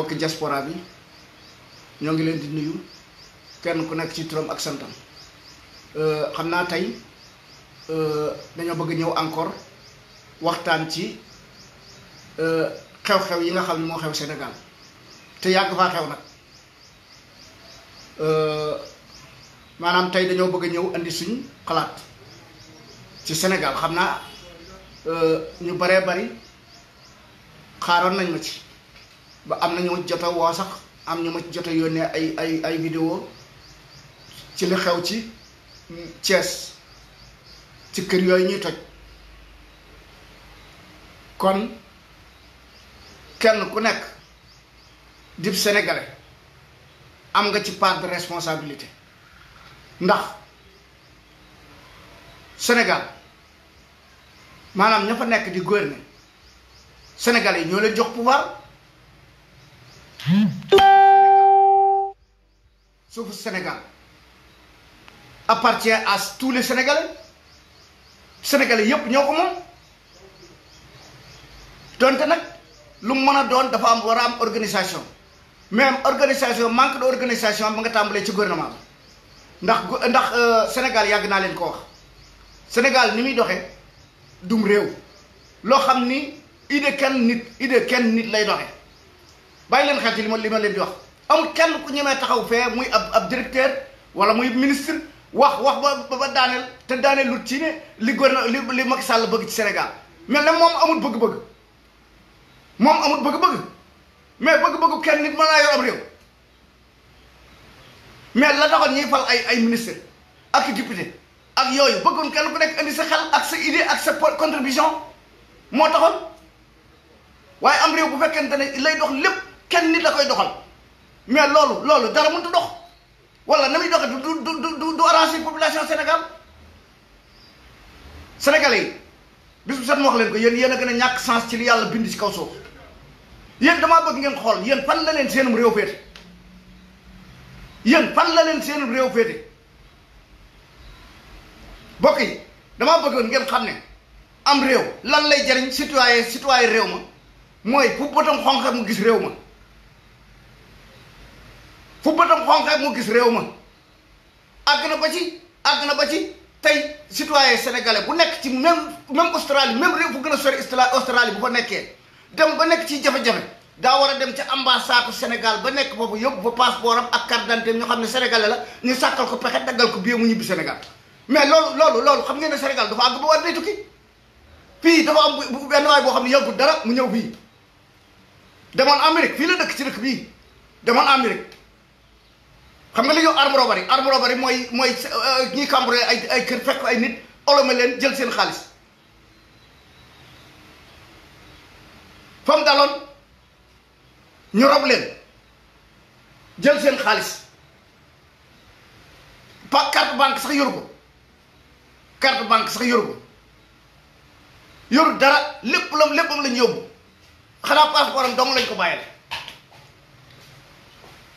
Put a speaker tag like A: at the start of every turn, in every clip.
A: mbokki diaspora bi ñoo ngi leen di nuyu kenn ku nekk ci turam ak santam euh, xam naa tey euh, dañoo bëgg ñëw encore waxtaan ci euh, xew-xew yi nga xam ne moo xew senegal te yàgg faa xew nag maanaam tey dañoo bëgg a ñëw indi suñ xalaat ci Sénégal xam naa ñu baree bari xaaroon nañ ma ci ba am na ñu ma jot woo sax am ñu ma jot a yónnee ay ay ay vidéo ci li xew ci Thiès ci kër yooyu ñuy toj kon kenn ku nekk dib sénégalais am nga ci part de responsabilité ndax Sénégal maanaam ña nekk di gouverner Sénégalais yi ñoo leen jox pouvoir suufu Sénégal appartient à tous les Sénégalais Sénégalais yépp ñoo ko moom donte nag lu mu mën a doon dafa am war a am organisation même organisation manque d'organisation mu nga tàmbalee ci gouvernement bi ndax ndax euh, Sénégal yàgg naa leen ko wax Sénégal ni muy doxe dum réew loo xam ni idée kenn nit idée kenn nit lay doxe bàyyi leen xel ci li ma li ma leen di wax amul kenn ku ñemee taxaw fee muy ab ab directeur wala muy ministre wax wax ba ba daaneel te daaneel lu ci ne li gouvernement li li Macky bëgg ci Sénégal mais nag moom amul bëgg-bëgg moom amul bëgg-bëgg mais bëgg-bëggu kenn nit mën naa yor am réew mais la taxoon ñuy fal ay ay ministre ak député ak yooyu bëggoon kenn ku nekk indi sa xel ak sa idée ak sa contribution moo taxoon waaye am réew bu fekkente ne lay dox lépp. kenn nit la koy doxal mais loolu loolu dara mënut a dox wala na muy doxee du du du du arranger population Sénégal sénégalais yi bis bu set ma wax leen ko yéen yéen a gën a ñàkk sens ci li yàlla bind ci kaw suuf yéen damaa bëgg ngeen xool yéen fan la leen seenum réew féete yéen fan la leen seenum réew féete bokk yi damaa bëggoon ngeen xam ne am réew lan lay jariñ citoyen citoyen réew ma mooy fu bëtam xonq mu gis réew ma fu bëtam xonq ak moo gis réew ma àgg na ba ci àgg na ba ci tey citoyen sénégalais bu nekk ci même même Australie même réew fu gën a sori Australie bu fa nekkee dem ba nekk ci jafe-jafe daa war a dem ca ambassade Sénégal ba nekk foofu yóbbu fa passeport am ak carte d'identité ñu xam ne sénégalais la ñu sàkkal ko pexe daggal ko bii mu ñibbi Sénégal mais loolu loolu loolu xam ngeen ne Sénégal dafa àgg ba war day tukki fii dafa am benn waay boo xam ne yàggul dara mu ñëw fii demoon Amérique fii la dëkk ci dëkk xam nga li ñuy arme robbery arme robbery mooy mooy euh, ñuy cambré ay kër fekk ay nit olome leen jël seen xaalis fa mu daloon leen jël seen xaalis pa carte banque sax yoru ko carte banque sax yoru ko dara lépp lam léppam lañ yóbbu xanaa passeport am dong lañ ko bàyyee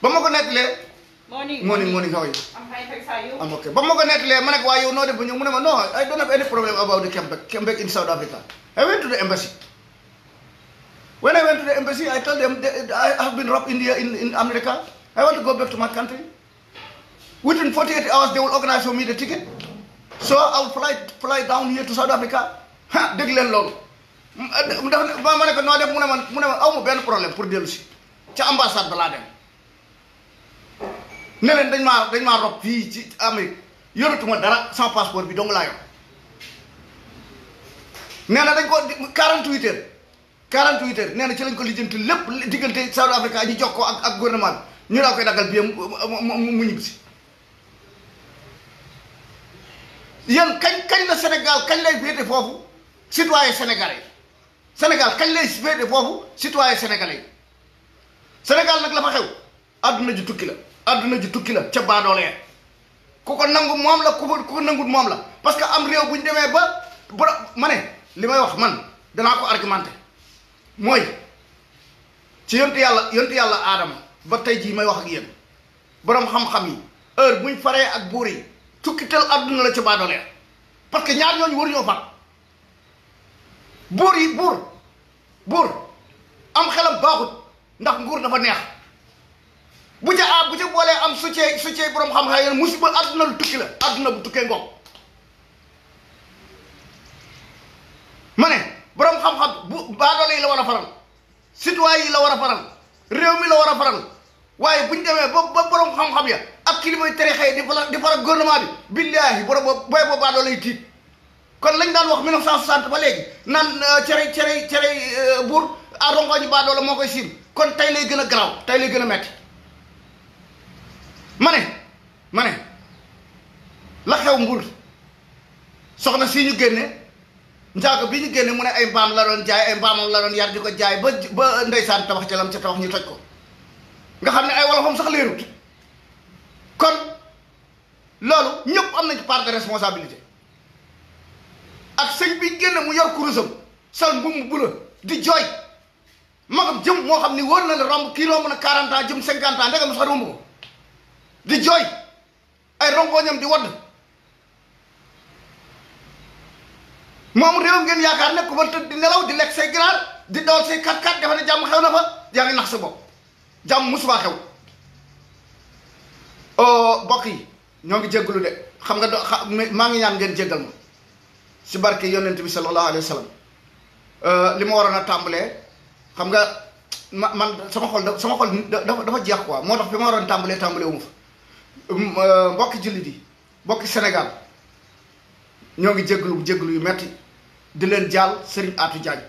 A: ba ma ko nettalee morning morning how are you I'm fine thanks how are you I'm okay ba ma ko nettalee ma nekk waaye yow noo def ba ñëw mu ne ma non I don't have any problem about the Quebec Quebec in South Africa I went to the embassy when I went to the embassy I told them I have been robbed in the in, in America I want to go back to my country within 48 hours they will organize for me the ticket so I will fly fly down here to South Africa ha dégg leen loolu mu eh, def ma ne ko noo def mu ne ma mu ne ma aw ma benn problème pour dellu si ca ambassade ba laa dem ne leen dañ maa dañ maa rob fii ci Amérique yoratuma dara sans passeport bi dong laa yor nee na dañ ko 48 heures 48 heures nee na ci lañ ko lijjanti lépp diggante South Africa ñu jox ko ak ak gouvernement ñu daa koy daggal biyam mu ñibbisi yéen kañ kañ la senegal kañ lay féete foofu citoyen sénégalais Sénégal kañ lay féete foofu citoyen sénégalais Sénégal nag la fa xew àdduna ji tukki la àdduna ji tukki la ca baadoolee ku ko nangu moom la ku ko nangut moom la parce que am réew bu ñu demee ba ba ma ne li may wax man danaa ko argumenté mooy ci yontu yàlla yontu yàlla aadama ba tey jii may wax ak yéen boroom xam-xam yi heure buñ faree ak buur yi tukki tel àdduna la ca baadoolee parce que ñaar ñooñu ñoo far buur yi buur buur am xelam baaxut ndax nguur dafa neex bu ca a bu ca boolee am soutien soutien borom xam-xam yéen musiba àdduna lu tukki la àdduna bu tukkee ngoog ma ne borom xam-xam bu baadoole yi la war a faral citoyen yi la war a faral réew mi la war a faral waaye bu ñu demee ba ba borom xam-xam ya ak kilimay terexee di faral di faral gouvernement bi billaahi borom boobu booy boo baadoole yi tiit kon lañ daan wax sant ba léegi naan euh, cere cere cere euh, buur a rongoñu baadoole moo koy siin kon tey lay gën a garaaw tey lay gën a metti ma ne ma ne la xew mbul soxna si ñu génne njaago bii ñu génne mu ne ay mbaam la doon jaay ay mbaamam la doon yar di ko jaay ba ba ndeysaan tabax ca lam ca tabax ñu toj ko nga xam ne ay wolofam sax leerut kon loolu ñëpp am nañ ci part de responsabilité ak sëñ bi génne mu yor kurusam sol mbubb bu la di jooy magam jëm moo xam ni wóor na la romb kii romb na 40 ans jëm 50 ans ndegam sax romb ko di jooy ay rongoñam di wadd moom réew ngeen yaakaar ne ku tëdd di nelaw di lekk say ginaar di dawal say kat-kat dafa ne jàmm xew na fa yaa ngi nax sa bopp jàmm musuma xew oh, bokk yi ñoo ngi jéggalu de xam nga do maa ngi ñaan ngeen jéggal ma si barke yonent bi sallallahu alayhi wa euh, li ma waroon a tàmbalee xam nga ma man sama xol sama xol dafa dafa jeex quoi moo tax bi ma waroon tàmbalee tàmbalee wu fa Euh, mbokki jullit yi mbokki senegal ñoo ngi jéglu jéglu yu metti di leen jaal Serigne atu Diagne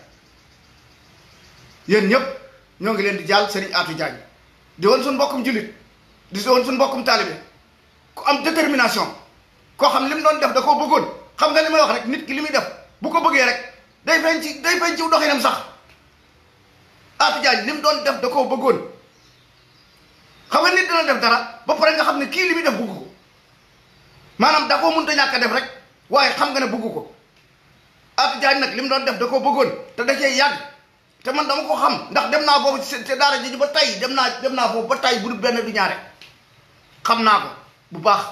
A: yéen ñëpp ñoo ngi leen di jaal Serigne atu Diagne di woon suñ mbokkum jullit di woon suñ mbokkum taalibe ku am détermination koo xam li mu doon def da koo bëggoon xam nga li may wax rek nit ki li muy def bu ko bëggee rek day feeñ ci day feeñ ci doxinam sax Atou Diagne li mu doon def da koo bëggoon xam nga nit dina def dara ba pare nga xam ne kii li muy def bugg ko maanaam da koo mënut a ñàkk def rek waaye xam nga ne bugg ko Atou Diagne nag li mu doon def da koo bëggoon te da cee yàgg te man dama ko xam ndax dem naa boobu ci daara ji ba tay dem naa dem naa foofu ba tay bu benn du ñaare xam naa ko bu baax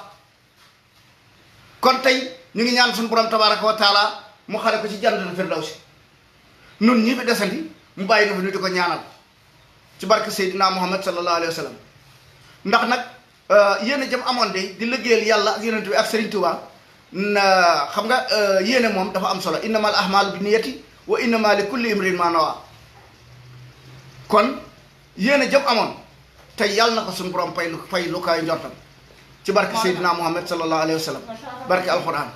A: kon tey ñu ngi ñaan suñu borom tabaraka wa mu xare ko ci jannatul firdawsi nun ñii fi desandi mu bàyyi na fi ñu di ko ñaanal ci barke Seydina Muhammad sallallahu alayhi wa sallam ndax nag euh, yéene jëm amoon de di liggéeyal yàlla ak yonent bi ak Serigne Touba na xam nga euh, yéene moom dafa am solo innamal ahmaalu bi niyati wa innama li kulli imrin ma nawa kon yéene jëm amoon te yàlla na ko suñu borom fay lu fay lu kaay njortam ci barke Seydina Muhammad sallallahu alayhi wa sallam barke alquran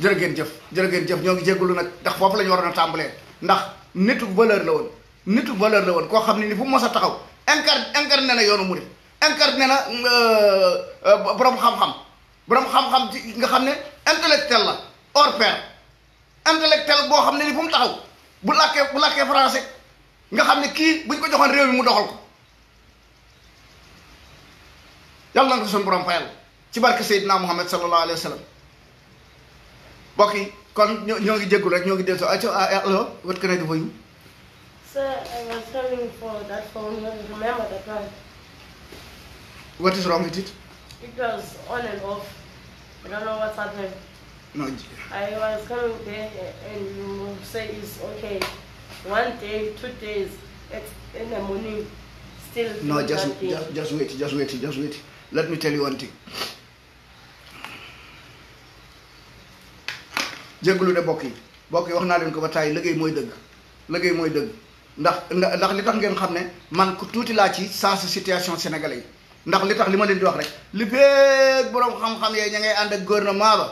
A: jërë ngeen jëf jërë ngeen jëf ñoo ngi jégalu nag ndax foofu la ñu waroon a tàmbalee ndax nitu valeur la woon nitu valeur la woon koo xam ne ni fu mos a taxaw incar incarné na yoonu murid incarné na euh, euh, borom xam-xam borom xam-xam nga xam ne intellectuel la hors pair intellectuel boo xam ne ni fu mu taxaw bu làkkee bu làkkee français nga xam ne kii buñ ko joxoon réew mi mu doxal ko yàlla na ko suñu borom fayal ci barke Seydina Muhammad sallallahu alayhi wa sallam yi kon ñoo ngi jéggul rek ñoo ngi dellu si ah, allo what can I do for you So I was sorry for that phone, not remember that one. What is wrong with it? It was on and off. I don't know what's happened. No. I was coming there and you say it's okay. One day, two days, in the morning, still. No, just, just, just wait, just wait, just wait. Let me tell you one thing. jéggalu de mbokk yi mbokk yi wax naa leen ko ba tàyyi liggéey mooy dëgg liggéey mooy dëgg. ndax ndax li tax ngeen xam ne man ku tuuti laa ci sens situation sénégalais yi ndax li tax li ma leen di wax rek li feeg borom xam-xam yee ña ngay ànd ak gouvernement ba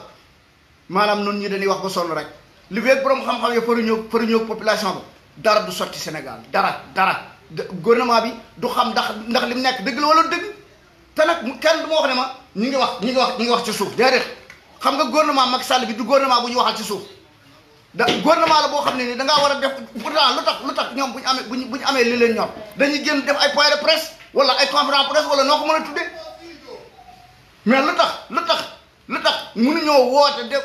A: maanaam nun ñu dañuy wax ba sonn rek li feeg borom xam-xam yee faru ñëw faru ñëw population ba dara du sotti Sénégal dara dara gouvernement bi du xam ndax ndax li mu nekk dëgg la wala dëgg te nag kenn du ma wax ne ma ñu ngi wax ñu ngi wax ñu wax ci suuf déedéet xam nga gouvernement Macky Sall bi du gouvernement bu ñu waxal ci suuf. da gouvernement la boo xam ne ni da war a def pourtant tax lu tax ñoom bu ñu amee bu ñu amee li leen ñor dañuy génn def ay point de presse wala ay conférence presse wala noo ko mën a tuddee mais lu tax lu tax lu tax mënuñoo woote def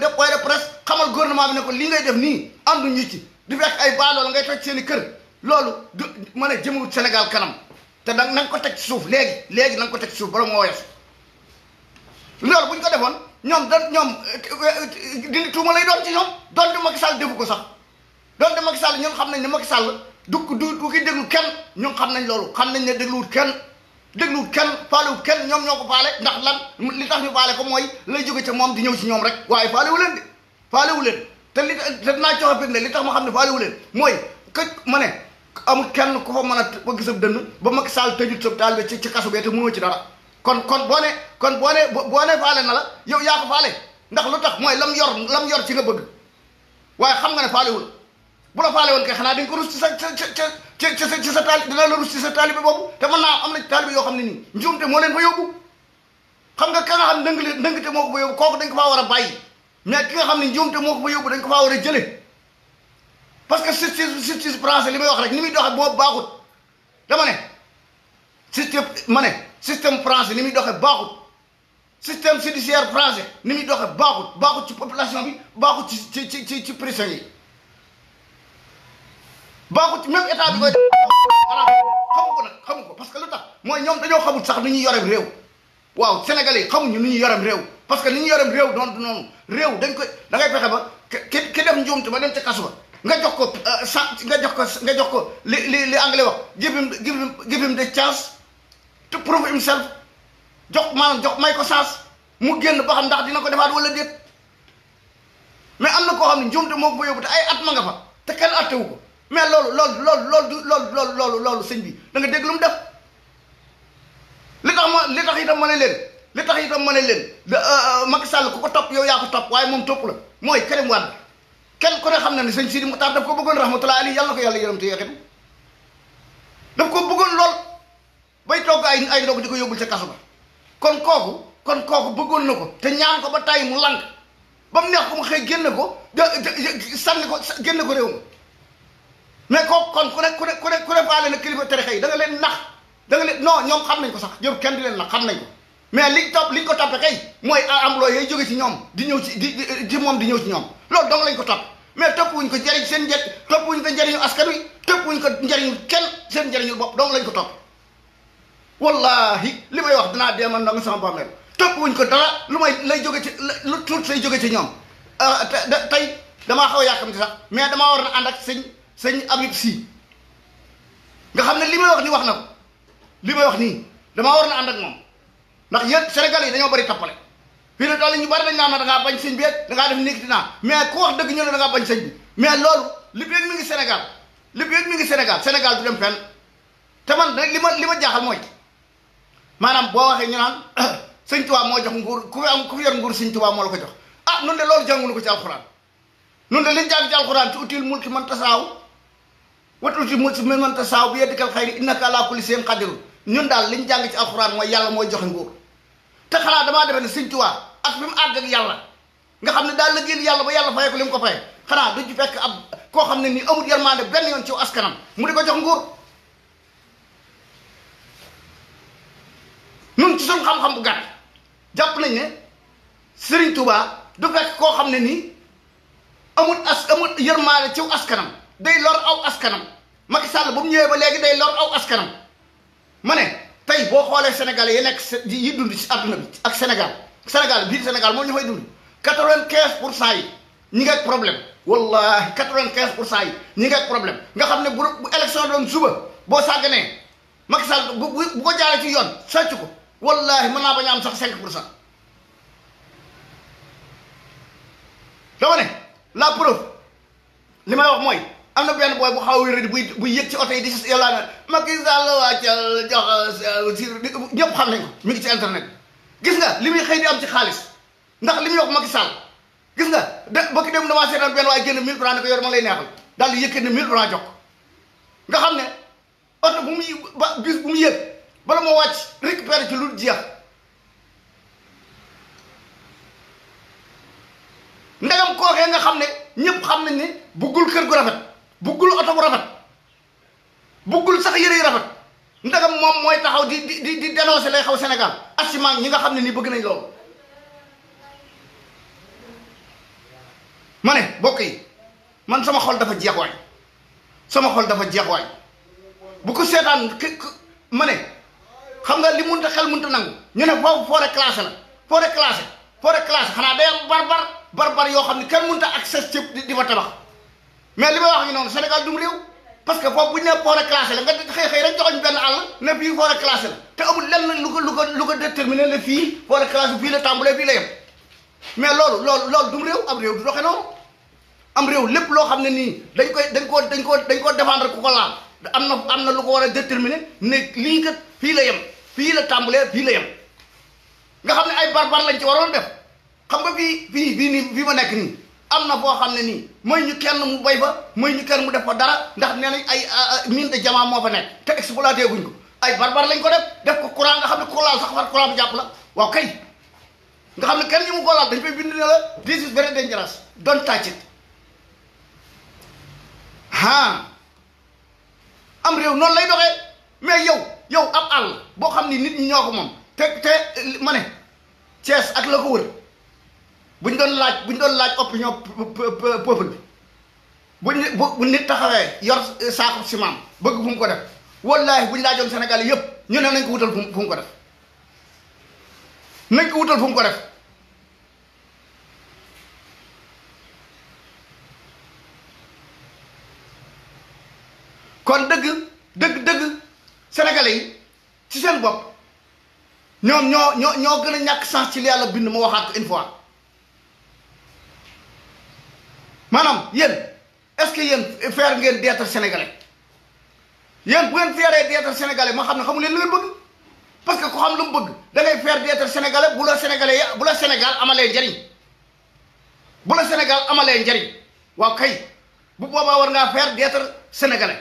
A: def point de xamal gouvernement bi ne ko li ngay def nii ànduñu ci di fekk ay baaloo ngay toj seen i kër loolu du mën a jëmul Sénégal kanam te da na nga ko teg ci suuf léegi léegi na ko teg ci suuf borom moo weesu loolu bu ñu ko defoon. ñoom da ñoom dindi tuuma lay doon ci ñoom donte Macky Sall defu ko sax doon donte Macky sal ñoom xam nañ ne Macky Sall du du du ki kenn ñoom xam nañ loolu xam nañ ne dégluwut kenn dégluwut kenn faalewut kenn ñoom ñoo ko faale ndax lan li tax ñu faale ko mooy lay jóge ca moom di ñëw si ñoom rek waaye faalewu leen de faalewu leen te li te naa joxe firnde li tax ma xam ne faalewu leen mooy que ma ne amul kenn ku fa mën a ba gisab dënn ba mag Sall tëjut sa taalibe ci ci kaso bi te mënoo ci dara kon kon boo kon boo ne boo ne faale na la yow yaa ko faale ndax lu tax mooy lam yor lam yor ci nga bëgg waaye xam nga ne faalewul bu la faale woon kay xanaa di nga ko sa ca ca ca ci sa taali dina la si ci sa taalibe boobu te mën naa am na taalibe yoo xam ne nii njuumte moo leen fa yóbbu xam nga ka nga xam ndëng ndëngte moo ko yow yóbbu kooku dañ ko faa war a bàyyi mais ki nga xam ne njuumte moo ko fa yóbbu dañ ko faa war a jële parce que justice justice français li may wax rek ni muy doxee boobu baaxut dama ne justice ma ne système français ni muy doxee baaxut système judiciaire français ni muy doxee baaxut baaxut ci population bi baaxut ci ci ci ci prison yi baaxut ci même état bi koy def xamu ko nag xamu ko parce que lu tax mooy ñoom dañoo xamut sax nu ñuy yorem réew waaw sénégalais yi xamuñu nu ñuy yorem réew parce que ni ñu yorem réew doon noonu réew dañ koy da ngay fexe ba ki ki def njuumte ma dem ca kasu ba nga jox ko euh, sa nga jox ko nga jox ko li li li anglais wax give him give him chance to prove himself jox maanaam jox may ko chance mu génn ba xam ndax dina ko defaat wala déet mais am na koo xam ne njuum de moo ko fa yóbbu te ay at ma nga fa te kenn wu ko mais loolu loolu loolu loolu du loolu loolu loolu loolu sëñ bi da nga dégg lu mu def li tax ma li tax itam ma ne leen li tax yi itam ma ne leen euh, euh, Macky Sall ku ko topp yow yaa ko topp waaye moom topp la mooy Karim Wade kenn ku ne xam na ne sëñ Sidi Moutar daf ko bëggoon rahmatulah ali yàlla na ko yàlla yërëm te yeexitu daf bay togg ay ay ndog di ko yóbbul ca kaso kon kooku kon kooku bëggoon na ko te ñaan ko ba tàyyi mu lànk ba mu neex ko mu xëy génn ko sànni ko génn ko réew ma mais kooku kon ku ne ku ne ku ne ku ne faale leen nax da nga leen non ñoom xam nañ ko sax yëpp kenn di leen nax xam nañ ko mais liñ topp liñ ko toppee kay mooy emploi jóge ci ñoom di ñëw ci di ci moom di ñëw ci ñoom loolu dong lañ ko topp mais toppuñ ko njëriñ seen njëriñ toppuñ ko njëriñu askan wi toppuñ ko njëriñu kenn seen njëriñu bopp dong lañ ko topp wallahi li may wax danaa dinaa deeman nangu sama bàmmeel topp wuñ ko dara lu may lay jóge ci lu tuut say jóge ci ñoom ah, tey damaa xaw a yàkkamti sax mais damaa war na ànd ak sëñ sëñ Abib nga xam ne li may wax ni wax na li may wax nii damaa war na moom ndax yéen Sénégal yi dañoo bari tappale fii ne doole ñu bari dañ naan na da ngaa bañ sëñ bi dangaa dem def nekk dinaa mais ku wax dëgg ñu ne da bañ sëñ bi mais loolu li bi mi ngi Sénégal li bi mi ngi Sénégal Sénégal du dem fenn te man li ma li ma jaaxal mooy maanaam boo waxee ñu naan sëñ Tuubaa moo jox nguur ku am ku yor nguur siñ Tuubaa moo la ko jox ah nun de loolu jàngunu ko ci alxuraan nun de liñ jàng ci alxuraan ci util mulki man tasaaw wat util mulki man tasaaw bi yeddikal xayri innaka ala kulli shay'in qadirun ñun daal liñ jàng ci alxuraan mooy yàlla mooy joxe nguur te xanaa damaa defe ne sëñ Tuubaa ak fi mu àgg ak yàlla nga xam ne daal la génn yàlla ba yàlla fayee ko li mu ko fayee xanaa du ci fekk ab koo xam ne nii amul yërmande benn yoon ci askanam mu di ko jox nguur nun ci suñ xam-xam bu gàtt jàpp nañ ne Serigne Touba du fekk koo xam ne nii amul as amul yërmaale ciw askanam day lor aw askanam Macky Sall bu mu ñëwee ba léegi day lor aw askanam ma ne tey boo xoolee senegal yi nekk yi dund ci àdduna bi ak Sénégal senegal biir senegal moom ñu fay dund quatre-vingt-quinze pour cent yi ñi ngi ak problème wallahi quatre-vingt-quinze pour cent yi ñi ngi ak problème nga xam ne bu bu élection doon suba boo sàgganee Macky Sall bu bu ko jaaree ci yoon sàcc ko wallahi mën naa bañ a am sax 5 pour cent dama ne la preuve li may wax mooy am na benn booy bu xaw a wér buy buy yëg ci oto yi di si yàlla na Macky Sall wàccal jox euh, xam nañ mi ngi ci internet gis nga li muy xëy di am ci xaalis ndax li muy wax Macky Sall gis nga de bokki dem damaa seetaan benn waaye génn 1000 francs ne ko ma lay neexal daal di yëkkati ne 1000 francs jox nga xam ne oto bu muy ba bis bu mu yëg. bala moo wàcc récupérer ci lu jeex ndegam kookee nga xam ne ñëpp xam nañ ne buggul kër gu rafet buggul oto bu rafet buggul sax yëre yu rafet ndegam moom mooy taxaw di di di di dénoncer lay xaw Sénégal asimaan ñi nga xam ne nii bëgg nañ loolu ma ne bokk yi man sama xol dafa jeex waay sama xol dafa jeex waay bu ko seetaan ki ma ne xam nga li munta xel munta nangu ñu ne foofu forêt classée la forêt classée forêt classée xanaa day am barbar barbar yoo xam ne kenn munta accès ci di fa tabax mais li ma wax ñu noonu Sénégal dum réew parce que foofu bu ñu nee forêt classée la nga xëy xëy rek joxoñ benn àll ne fii forêt classée la te amul lenn lu ko lu ko lu ko déterminé la fii forêt classée fii la tàmbalee fii la yem mais loolu loolu loolu dum réew am réew du doxe noonu am réew lépp loo xam ne nii dañ koy dañ koo dañ koo dañ koo défendre ku ko laal am na am na lu ko a déterminé ne lii kat fii la yem fii la tàmbalee fii la yem nga xam ne ay barbar lañ ci waroon def xam nga fii fii fii nii fii ma nekk nii am na foo xam ne nii mooy ñu kenn mu bay ba mooy ñu kenn mu def fa dara ndax nee nañ ay mine de diamant moo fa nekk te exploité guñ ko ay barbar lañ ko def def ko courant nga xam ne ku laal sax far courant bu jàpp la waaw kay nga xam ne kenn ñu mu ko laal dañ fay bind ne la this is very dangerous don't touch am réew noonu lay doxee mais yow yow am àll boo xam ni nit ñi ñoo ko moom te te ma ne Thiès ak la ko wër bu ñu doon laaj bu ñu doon laaj opinion peuple bi bu ñu bu nit taxawee yor saako ciment bëgg fu ko def wallaahi bu ñu laajoon Sénégal yëpp ñu ne nañ ko wutal fu ko def nañ ko wutal fu ko def kon dëgg dëgg dëgg. sénégalais yi ci seen bopp ñoom ñoo ñoo ñoo gën a ñàkk sens ci li bind ma waxaat ko maanaam yéen est-ce que yéen faire ngeen d'être sénégalais yéen bu ngeen feeree d'être sénégalais ma xam ne xamu leen lu ngeen bëgg parce que ku xam lu mu bëgg da ngay faire d'être sénégalais bu la sénégalais bu la Sénégal amalee njariñ bu la Sénégal amalee njariñ waaw kay bu boobaa war ngaa faire d'être sénégalais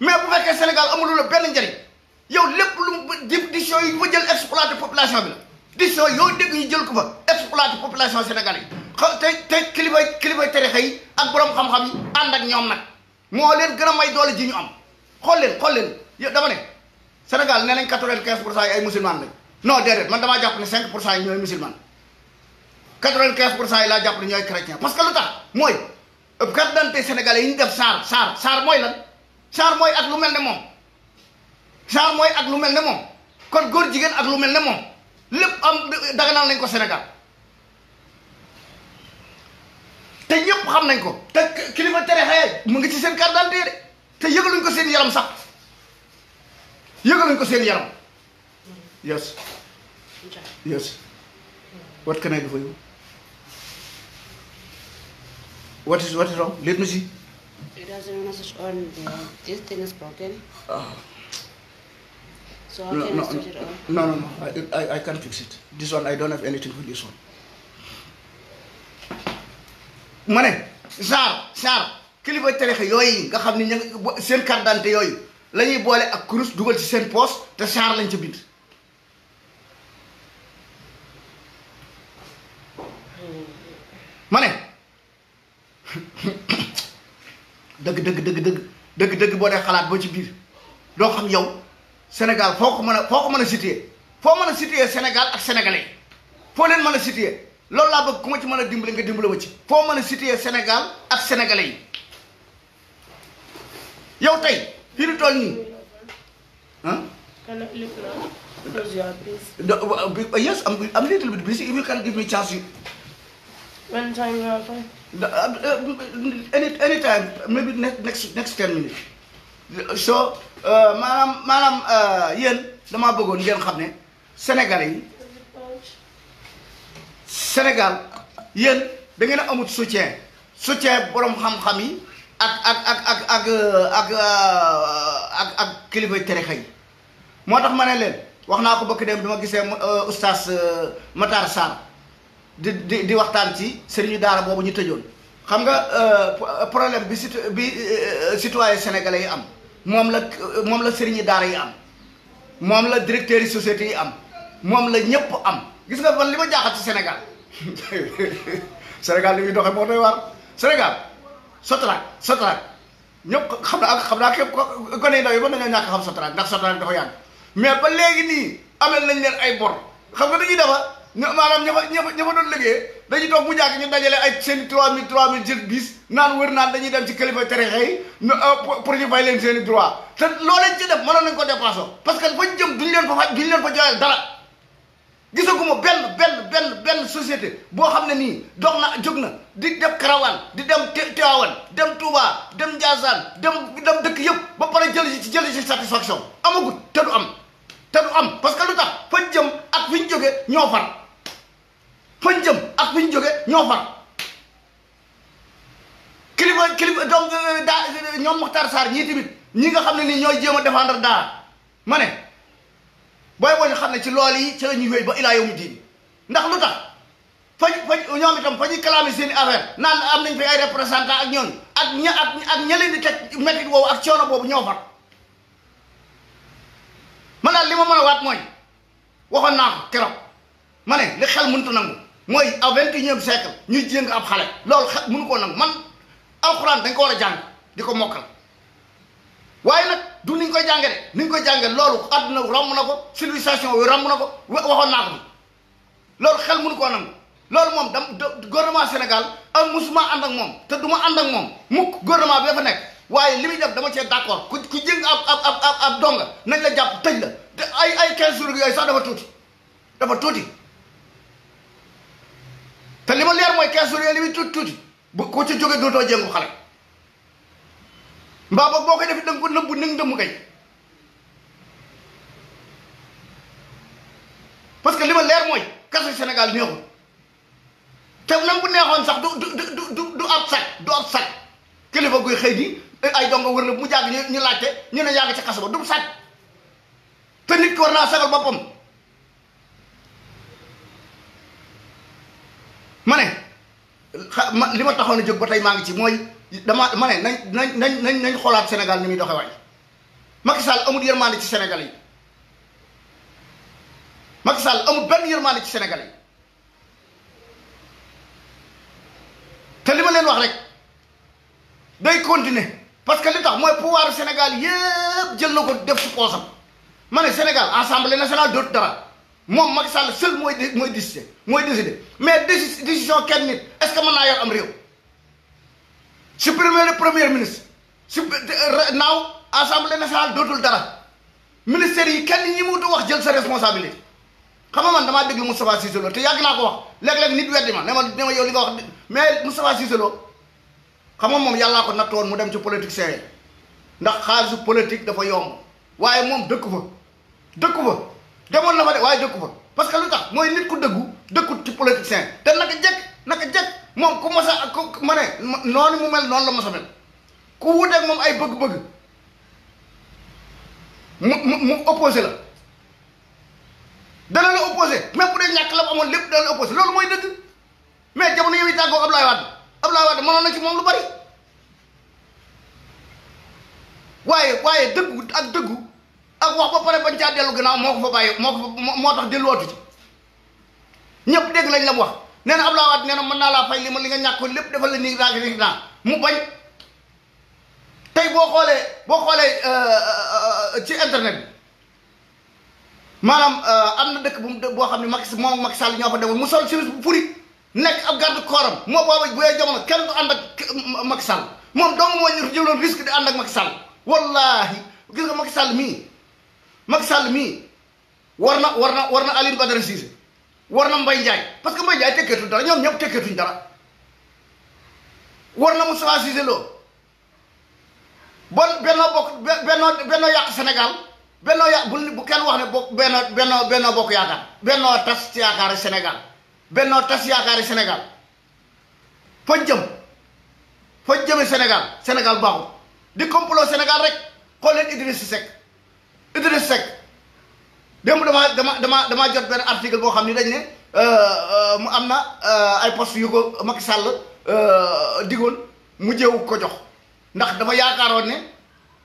A: mais bu fekkee Sénégal amulul benn njariñ yow lépp lu mu décision yi ma jël exploité population bi la décision yooyu dégg ñu jël ko fa exploité population sénégalais yi xaw te te kilifa kilifa tarixa yi ak borom xam-xam yi ànd ak ñoom nag moo leen gën a may doole ji ñu am xool leen xool leen yow dama ne Sénégal nee nañ quatre-vingt-quinze pour cent yi ay musulman lañ non déedéet man damaa jàpp ne cinq pour cent yi ñooy quatre-vingt-quinze pour cent yi laa jàpp ne ñooy chrétien parce que lu tax mooy carte d'identité yi ñu def saar saar saar mooy lan saar mooy ak lu mel ne moom genre mooy ak lu mel ne moom kon góor jigéen ak lu mel ne moom lépp am daganal nañ ko Sénégal te ñëpp xam nañ ko te kilifa tere mu ngi ci seen carte d'identité de te yëgaluñ ko seen yaram sax yëgaluñ ko seen yaram yes yes what can I do for you what is what is wrong let me see So how no, can no, you it out? No, no, no. I, I, I can't fix it. This one, I don't have anything for this one. ma ne genre genre kilifa tarixa yooyu nga xam ni ñu seen carte d'identité yooyu la ñuy boole ak kurus dugal ci seen poos te genre lañ ca bind. ma ne dëgg dëgg dëgg dëgg dëgg dëgg boo dee xalaat boo ci biir doo xam yow. Sénégal foo ko mën a foo ko mën a situé foo man a situé Sénégal ak sénégalais foo leen mën a situé loolu laa bëgg ku ma ci mën a dimbali nga dimbali ma ci. foo man a situé Sénégal ak sénégalais yi yow tey fii ñu toll nii ah. yes am am little bit please time you are fine. next next ten minutes. so euh, maanaam maanaam euh, yéen damaa bëggoon ngeen xam ne Sénégalais yi Sénégal yéen dangeen ngeen a amut soutien soutien borom xam-xam yi ak ak ak ak ak euh, ak ak ak kilifa tarixa moo tax ma ne leen wax naa ko bëkk dem bi ma gisee oustaz Matar Sarr di di di waxtaan ci sëriñu daara boobu ñu tëjoon xam nga problème bi citoyen bi citoyen sénégalais yi am moom la moom la sëriñi daara yi am moom la directeur yi société yi am moom la ñëpp am gis nga man li ma jaaxal ci Sénégal Sénégal li muy doxee moo doy waar Sénégal Sotrac Sotrac ñëpp xam naa xam naa képp ko gone ndaw yi mën nañoo ñàkk xam Sotrac ndax Sotrac dafa yaan mais ba léegi nii amel nañ leen ay bor xam nga dañuy dafa ño maanaam ña fa ña fa ña fa doon liggéey dañuy toog mu ñu dajale ay seen i 3000 3000 jël bis naan wër naan dañuy dem ci kilifa terexe yi euh, pour ñu fay leen seen i droit te loo leen def mënoon ko dépassé parce que fañ jëm duñ leen ko ko joxeel benn benn benn benn société boo xam ne nii dox na jóg na di dem Karawaan di dem Tiwaawan dem Touba dem Ndiassane dem dem dëkk yëpp ba pare jël ci jël ci satisfaction amagut te du am te du am parce que lu tax fañ jëm ak fi ñu jógee ñoo far fañ jëm ak fi ñu jóge ñoo far kilifa kilifa donc euh, daa euh, ñoom Mokhtar Sarr ñii tamit ñi nga xam ne nii ñoo jéem a défendre daa ma ne booy boo xam ne ci lool yi ci la ñuy wéy ba ilaa yow mu ndax lu tax fañ fañ ñoom itam fa ñuy clamé seen affaire naan am nañ fi ay représentant ak ñoon ak ña ak ak ña leen di teg métit woowu boobu ñoo far man daal li ma mën mooy waxoon naa ko keroog ma li xel mënut a mooy à vingt et unième siècle ñuy jéng ab xale loolu xet mënu koo nag man alxuraan dañ ko war a jàng di ko mokk mokkal waaye nag du ni ñu koy jànge de ni ñu koy jànge loolu àdduna romb na ko civilisation wi romb na ko waxoon naa ko loolu xel mënu koo nangu loolu moom dam gouvernement Sénégal am musuma ànd ak moom te du ma ànd ak moom mukk gouvernement bi dafa nekk waaye li muy def dama cee d'accord ku ku jëng ab ab ab ab ab donga nañ la jàpp tëj la te ay ay quinze jours yooyu sax dafa tuuti te li ma leer mooy quinze jours yooyu li muy tuuti tuuti bu ko ci jóge dootoo jéngu xale mbaa boog boo koy def danga ko nëbbu nëng ndëmm kay parce que li ma leer mooy kaso Sénégal neexul te même bu neexoon sax du du du du am sac du ab sac kilifa guy xëy di ay dongo wër la mu jàgg ñu laajte ñu ne yaa ngi ci kaso ba du sac te nit ki war naa sagal boppam li ma taxoon a jóg ba tey maa ci mooy dama ma ne nañ nañ nañ nañ nañ xoolaat Sénégal ni muy doxee waay Macky Sall amul yërmande ci Sénégal yi Macky Sall amul benn yërmande ci senegal yi te li ma leen wax rek day continuer parce que li tax mooy pouvoir senegal yépp jël na ko def ci poosam ma ne Sénégal assemblée nationale dootu dara. moom Macky Sall seul mooy mooy décider mooy décider mais décision kenn nit est-ce que mën naa yor am réew supprimer le premier ministre su naaw assemblée nationale dootul dara ministère yi kenn ñi mutu wax jël sa responsabilité xam nga man damaa déglu Moustapha Cissé Lo te yàgg naa ko wax léeg-léeg nit weddi ma ne ma ne ma wax mais Moustapha Cissé Lo xam nga moom yàllaa ko nattoon mu dem ci politique séeréer ndax xaalisu politique dafa yomb waaye moom dëkku fa dëkku fa. demoon la ma de waaye parce que lu tax mooy nit ku dëggu dëkkut ci politicien te a ku ma ne noonu noonu la mos a mel ku wuteeg ay bëgg-bëgg mu mu mu opposé la dana la opposé même bu dee ñàkk lépp dana la opposé loolu mooy dëgg mais jamono yow yi tàggoo Ablaye Wade Ablaye Wade moom lu bari waaye waaye dëggu ak dëggu. ak wax ba pare bañ caa dellu gannaaw moo ko fa bàyyi moo ko moo tax delluwaatu ci ñëpp dégg lañ la mu wax nee na Abdoulaye Wade nee na mën naa laa fay li ma li nga ñàkkoon lépp defal la nii daal di mu bañ boo xoolee boo xoolee euh, euh, euh, ci internet bi maanaam am na dëkk bu boo xam ne Macky moom Macky Sall ñoo fa mu sol service bu furi nekk ab garde kooram moo booba bu dee jamono kenn du ànd moom dong moo jëloon risque di ànd ak Macky Sall wallaahi gis nga Macky Sall mii. Macky Sall mii war na war na war na Aliou Badara Cissé war na Mbaye Ndiaye parce que Mbaye Ndiaye tekkeetuñ dara ñoom ñëpp tekkeetuñ dara war na a Cissé Lo bon bennoo bokk bennoo bennoo yàq Sénégal bennoo yàq bu kenn wax ne bokk bennoo bennoo bennoo bokk yaakaar bennoo tas yaakaari senegal bennoo tas yaakaari Sénégal fa jëm fa jëme Sénégal Sénégal baaxul di complot senegal rek xool leen Idrissa Seck Idriss Seck démb damaa dama dama damaa jot benn article boo xam ni dañ ne euh, euh, mu am na euh, ay post yu ko Macky Sall digoon mu jéewu ko jox ndax dama yaakaaroon ne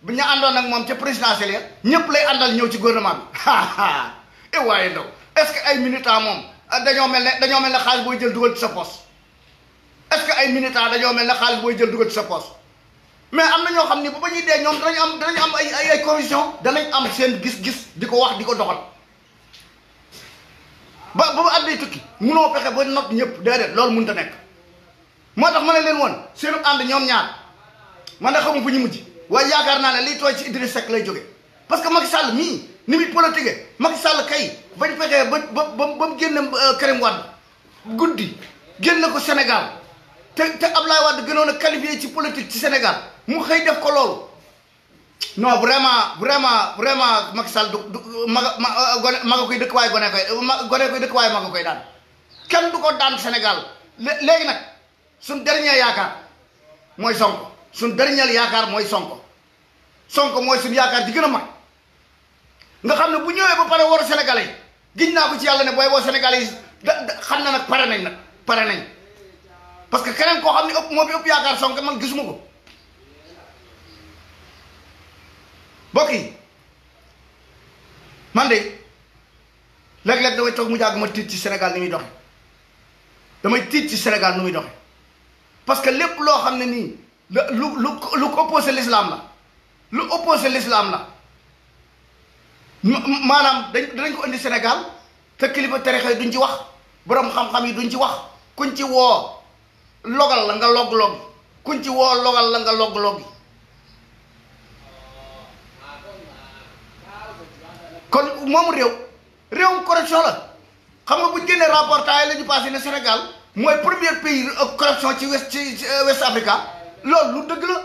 A: bu ñu àndoon ak moom ca présidentielle ya ñëpp lay àndal ñëw ci gouvernement bi e waaye ndaw est-ce que ay militants moom dañoo mel ne dañoo mel ne xaalis booy jël dugal ci sa poste est-ce que ay militants dañoo mel ne xaalis booy jël dugal ci sa poste mais am na ñoo xam ni bu ba ñu dee ñoom danañ am danañ am ay ay ay condition danañ am seen gis-gis di ko wax di ko doxal ba ba at day tukki munoo fexe ba not ñëpp déedéet loolu mënut a nekk. moo tax ma ne leen woon seenu ànd ñoom ñaar man da xamu fu ñu mujj waaye yaakaar naa ne liy tooy ci na Seck lay jóge parce que Macky Sall mii ni muy politique Macky sàll kay bañ fexee ba ba ba mu génne euh, Karim Wade guddi génn na ko Sénégal te te Ablaye Wade gënoon a qualifié ci politique ci Sénégal. mu xëy def ko loolu non vraiment vraiment vraiment Macky Sall du du ma euh, gone ma nga koy dëkkwaay gone koy ma gone koy dëkkwaay ma nga koy daan kenn du ko daan Sénégal léegi nag suñ dernier yaakaar mooy Sonko suñ dernier yaakaar mooy Sonko Sonko mooy suñ yaakaar di gën a mag nga xam ne bu ñëwee ba pare war Sénégalais yi giñ naa ko ci yàlla ne booy woo Sénégalais yi da xam na nag pare nañ nag pare nañ parce que keneen koo xam ne ëpp moo fi ëpp yaakaar Sonko man gisuma ko mbokk yi man de léeg-léeg damay toog mu jàgg ma tiit ci Sénégal ni muy doxe damay tiit ci Sénégal nu muy doxe parce que lépp loo xam ne nii lu lu lu opposé l'islam la lu opposé l'islam la maanaam dañ danañ ko indi Sénégal te kilifa tarixa yi duñ ci wax borom xam-xam yi duñ ci wax kuñ ci woo logal la nga log-log kuñ ci woo logal la nga log-log kon moom réew réewum corruption la xam nga bu ñu génnee rapportage la ñu passé ne Sénégal mooy premier pays corruption ci west ci euh, West Africa loolu lu dëgg la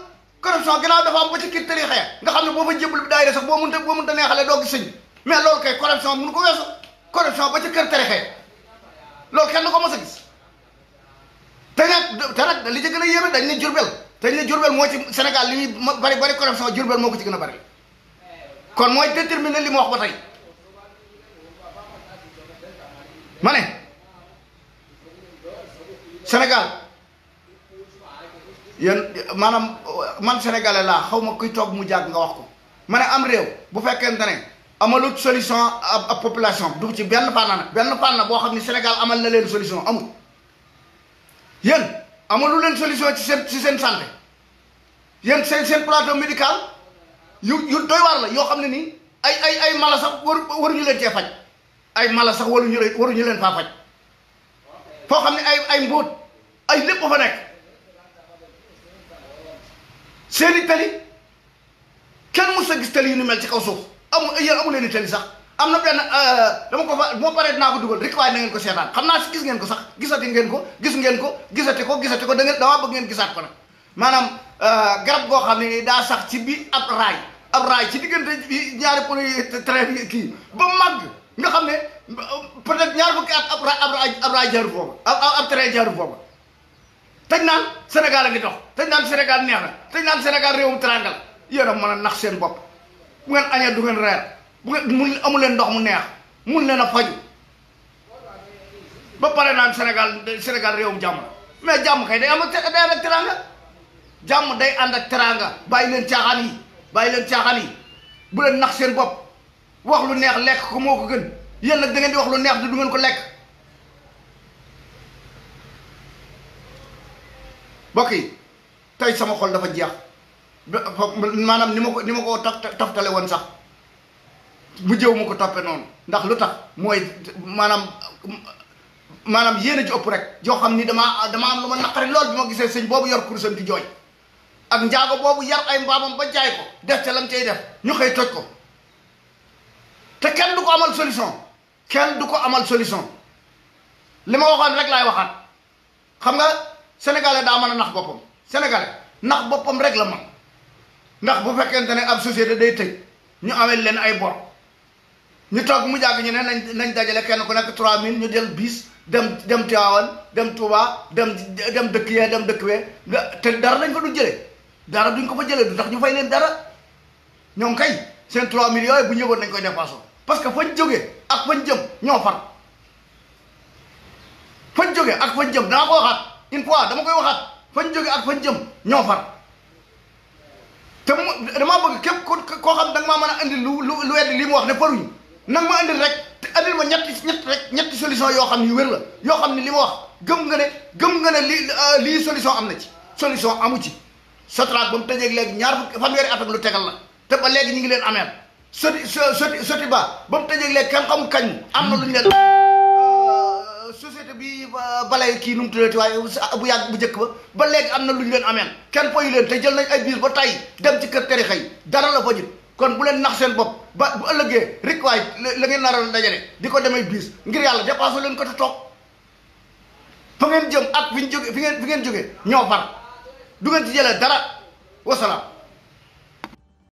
A: a gannaaw dafa am ba ci kii tariixa ya nga xam ne boo fa jébbal bi daayira sax boo mënta boo mënta neexale doo gis sëñ mais loolu kay corruption mënu ko weesu corruption ba ci kër tariixa ya loolu kenn du ko mos a gis te nag te nag li ci gën a yéeme dañ ne Jurbel dañ ne Jurbel moo ci Sénégal li muy bari bari corruption Jurbel moo ko ci gën a bari kon mooy déterminer li mu wax ba tey mane ne Sénégal yéen maanaam man sénégalais laa xaw ma kuy toog mu jàgg nga wax ko ma ne am réew bu fekkente ne amalut solution ab population du ci benn fànn nag benn fànn boo xam ni Sénégal amal na leen solution amul yéen amalu leen solution ci seen ci seen santé yéen seen seen plateau médical. yu yu doy waar la yoo xam ne nii ay ay ay mala sax war waruñu leen cee faj ay mala sax waruñu leen waruñu leen faa faj foo xam ne ay ay mbóot ay lépp fa nekk seeni tali kenn mës a gis tali yu nu mel ci kaw suuf amul yéen amu leen i tali sax am na benn euh, dama ko fa moo paree dinaa ko dugal rek waaye na ngeen ko seetaan xam naa si gis ngeen ko sax gisati ngeen ko gis ngeen ko gisati ko gisati ko da ngeen dawaa bëgg ngeen gisaat ko nag maanaam euh, garab goo xam ne nii daa sax ci biir ab raay ab raay ci diggante ñaari pono yi train kii ba màgg nga xam ne peut-être ñaar fukki at ab naan Sénégal a ngi dox tañ naan Sénégal neex na naan Sénégal réewum teraanga la yéen a nax seen bopp bu leen ndox mu neex mu leen a faju ba pare naan senegal Sénégal réewum jàmm mais jàmm kay day am day ànd ak teraanga jàmm day ànd ak teraanga bàyyi leen caaxaan yi bàyyi leen caaxaan yi bu leen nax seen bopp wax lu neex lekk ko moo ko gën yéen nag da ngeen di wax lu neex du du ngeen ko lekk mbokk yi tey sama xol dafa jeex maanaam ni ma ko ni ma ko taftale woon sax mu jëw ma ko toppe noonu ndax lu tax mooy maanaam maanaam yéen a ci ëpp rek joo xam ni dama damaa am lu ma naqari lool bi ma gisee sëñ boobu yor kurusam di jooy ak njaago boobu yar ay mbaamam ba jaay ko def ca lam cay def ñu xëy toj ko te kenn du ko amal solution kenn du ko amal solution li ma waxoon rek laay waxaan xam nga sénégalais daa man a nax boppam sénégalais nax boppam rek la man ndax bu fekkente ne ab société day tëj ñu amee leen ay bor ñu toog mu jàgg ñu ne nañ nañ dajale kenn ku nekk 3000 ñu jël biis dem dem Tivaouane dem Touba dem dem dëkk yee dem dëkk wee te dara lañ fa du jëlee dara duñ ko fa jëlee du tax ñu fay leen dara ñoom kay seen 3 millions yi bu ñu nañ koy dépassé parce que fañ jógee ak fañ jëm ñoo far fañ jógee ak fañ jëm danaa ko waxaat une dama koy waxaat fañ jógee ak fañ jëm ñoo far te mu damaa bëgg képp koo xam da nga maa mën a andil lu lu lu weddi li mu wax ne faruñu nag ma andil rek te andil ma ñetti ñetti rek solution yoo xam ne yu wér la yoo xam ne li ma wax gëm nga ne gëm nga ne lii euh, lii solution am na ci solution amu ci. Sotrac ba mu tëjee léegi ñaar fukki fanweeri at ak lu tegal la te ba léegi ñu ngi leen ameel soti soti soti ba ba mu tëjee léegi kenn xamul kañ am na lu ñu leen euh, société bi euh, balay kii nu mu tuddati waaye bu yàgg bu njëkk ba ba léegi am na lu ñu leen ameen kenn poyu leen te jël nañ ay biir ba tay dem ci kër tarixa yi dara la fa jut kon bu leen nax seen bopp ba bu ëllëgee rek waay la ngeen naroon dajale di ko demay biis ngir yàlla dépassé leen ko te toog ngeen jëm ak fi ñu jóge fi ngeen fi ngeen jóge ñoo du ngeen ci jëlee dara wasalaam